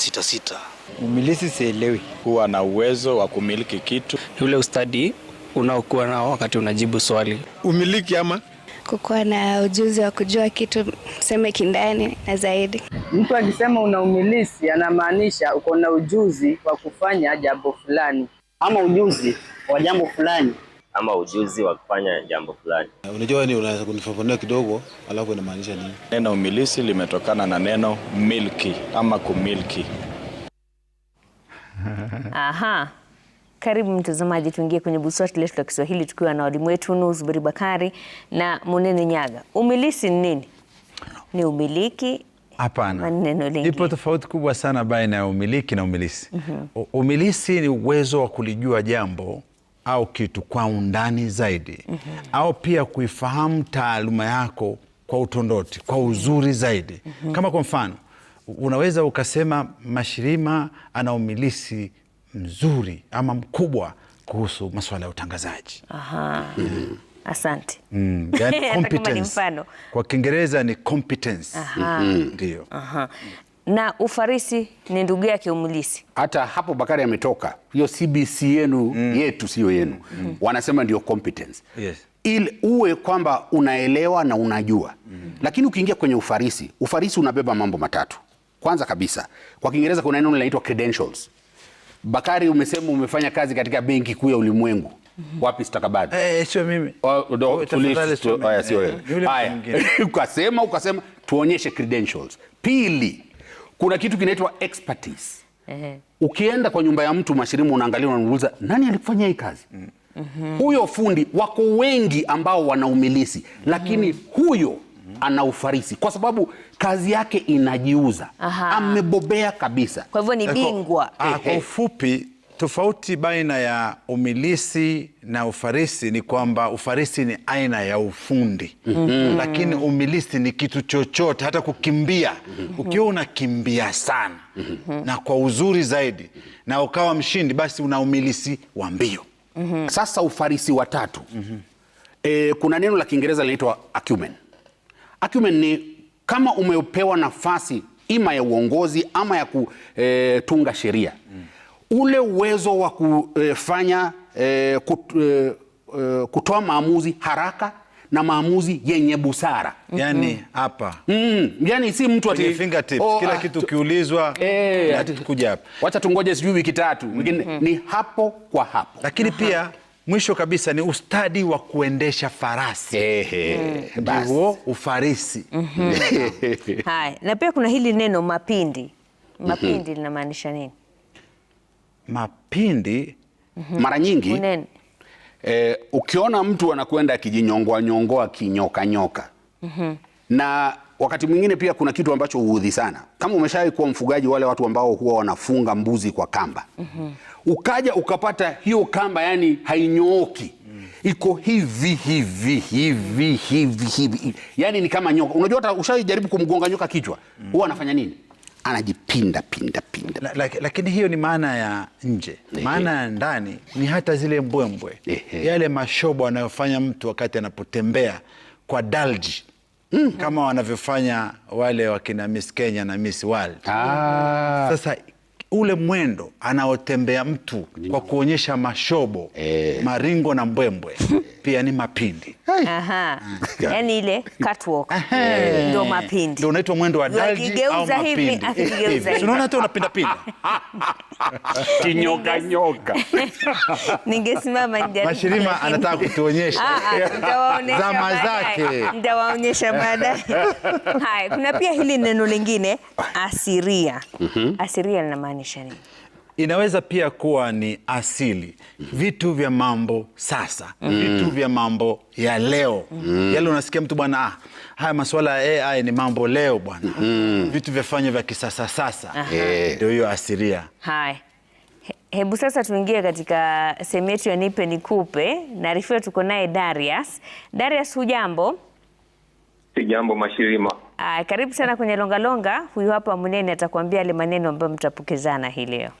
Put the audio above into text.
sita sita. Umilisi sielewi. Kuwa na uwezo wa kumiliki kitu, ule ustadi unaokuwa nao wakati unajibu swali. Umiliki ama kukuwa na ujuzi wa kujua kitu, seme kindani na zaidi. Mtu akisema una umilisi, anamaanisha uko na ujuzi wa kufanya jambo fulani ama ujuzi wa jambo fulani ama ujuzi wa kufanya jambo fulani. Eh, unajua ni unaweza kunifafanua kidogo, alafu inamaanisha nini? Neno umilisi limetokana na neno milki ama kumilki. Aha. Karibu mtazamaji, tuingie kwenye buswati letu la Kiswahili tukiwa na walimu wetu Nuzuberi Bakari na Munene Nyaga. Umilisi ni nini? Ni umiliki Hapana, ipo tofauti kubwa sana baina ya umiliki na umilisi. mm -hmm. Umilisi ni uwezo wa kulijua jambo au kitu kwa undani zaidi mm -hmm. au pia kuifahamu taaluma yako kwa utondoti, kwa uzuri zaidi mm -hmm. kama kwa mfano unaweza ukasema Mashirima ana umilisi mzuri ama mkubwa kuhusu masuala ya utangazaji. Asante. Mm. Kwa Kiingereza ni competence. Ndio na ufarisi ni ndugu yake umlisi Hata hapo Bakari ametoka hiyo CBC yenu mm. yetu sio yenu mm. wanasema ndio competence yes. ili uwe kwamba unaelewa na unajua mm. lakini ukiingia kwenye ufarisi, ufarisi unabeba mambo matatu. Kwanza kabisa, kwa Kiingereza kuna neno linaitwa credentials. Bakari, umesema umefanya kazi katika benki kuu ya ulimwengu mm-hmm. wapi? Stakabadhi sio mimi, sio wewe. Haya, ukasema ukasema tuonyeshe credentials. Pili kuna kitu kinaitwa expertise. Ehe. Ukienda kwa nyumba ya mtu mashirimu, unaangalia unanuliza, nani alikufanyia hii kazi? Mm-hmm. Huyo fundi wako wengi ambao wana umilisi, mhm. lakini mm-hmm. huyo mhm. ana ufarisi kwa sababu kazi yake inajiuza. Amebobea kabisa, kwa hivyo ni bingwa. Ah, kwa ufupi Tofauti baina ya umilisi na ufarisi ni kwamba ufarisi ni aina ya ufundi mm -hmm. Lakini umilisi ni kitu chochote, hata kukimbia mm -hmm. Ukiwa unakimbia sana mm -hmm. na kwa uzuri zaidi na ukawa mshindi, basi una umilisi wa mbio mm -hmm. Sasa ufarisi wa tatu mm -hmm. E, kuna neno la Kiingereza linaitwa acumen. Acumen ni kama umepewa nafasi ima ya uongozi ama ya kutunga e, sheria mm ule uwezo wa kufanya eh, eh, eh, kutoa maamuzi haraka na maamuzi yenye busara yani mm-hmm. hapa mm -hmm. mm, yani si mtu ati fingertips oh, kila ah, kitu kiulizwa eh, kuja hapa, wacha tungoje sijui wiki tatu mm -hmm. ni hapo kwa hapo, lakini Aha. pia mwisho kabisa ni ustadi wa kuendesha farasi mm-hmm. ndio ufarisi. mm -hmm. Haya, na pia kuna hili neno mapindi. Mapindi mm -hmm. nini? mapindi mm -hmm. mara nyingi e, ukiona mtu anakwenda akijinyongoa nyongoa kinyoka nyoka mm -hmm. na wakati mwingine pia kuna kitu ambacho huudhi sana. Kama umeshawahi kuwa mfugaji, wale watu ambao huwa wanafunga mbuzi kwa kamba mm -hmm. ukaja ukapata hiyo kamba, yani hainyooki mm. iko hivi hivi hivi hivi hivi, yani ni kama nyoka. Unajua, hata ushajaribu kumgonga nyoka kichwa mm. huwa anafanya nini? anajipinda pinda pinda la, la, lakini hiyo ni maana ya nje. Maana ya ndani ni hata zile mbwembwe yale mashobo anayofanya mtu wakati anapotembea kwa dalji mm. kama wanavyofanya wale wakina Miss Kenya na Miss World ah. Sasa ule mwendo anaotembea mtu kwa kuonyesha mashobo eh, maringo na mbwembwe pia ni mapindi. Aha. Yani ile catwalk mapindi, ndo unaitwa mwendo wa dalji au mapindi. Unaona hata unapinda pinda kinyoka nyoka. Ningesimama ndio Mashirima anataka kutuonyesha ah, ah, zama zake, ndawaonyesha baadaye. Haya, kuna pia hili neno lingine asiria. Mhm. Asiria lina maana inamaanisha Inaweza pia kuwa ni asili, vitu vya mambo sasa, mm. vitu vya mambo ya leo mm. yale yaani unasikia mtu bwana, ah, haya masuala ya AI ni mambo leo bwana mm. vitu vyafanywa vya kisasa sasa, eh. ndio hiyo asilia. Haya, Hebu sasa tuingie katika sehemu yetu ya nipe nikupe, na rifia tuko naye Darius. Darius, hujambo? Si jambo mashirima. Aa, karibu sana kwenye longalonga. Huyu hapa Munene atakuambia yale maneno ambayo mtapokezana hii leo.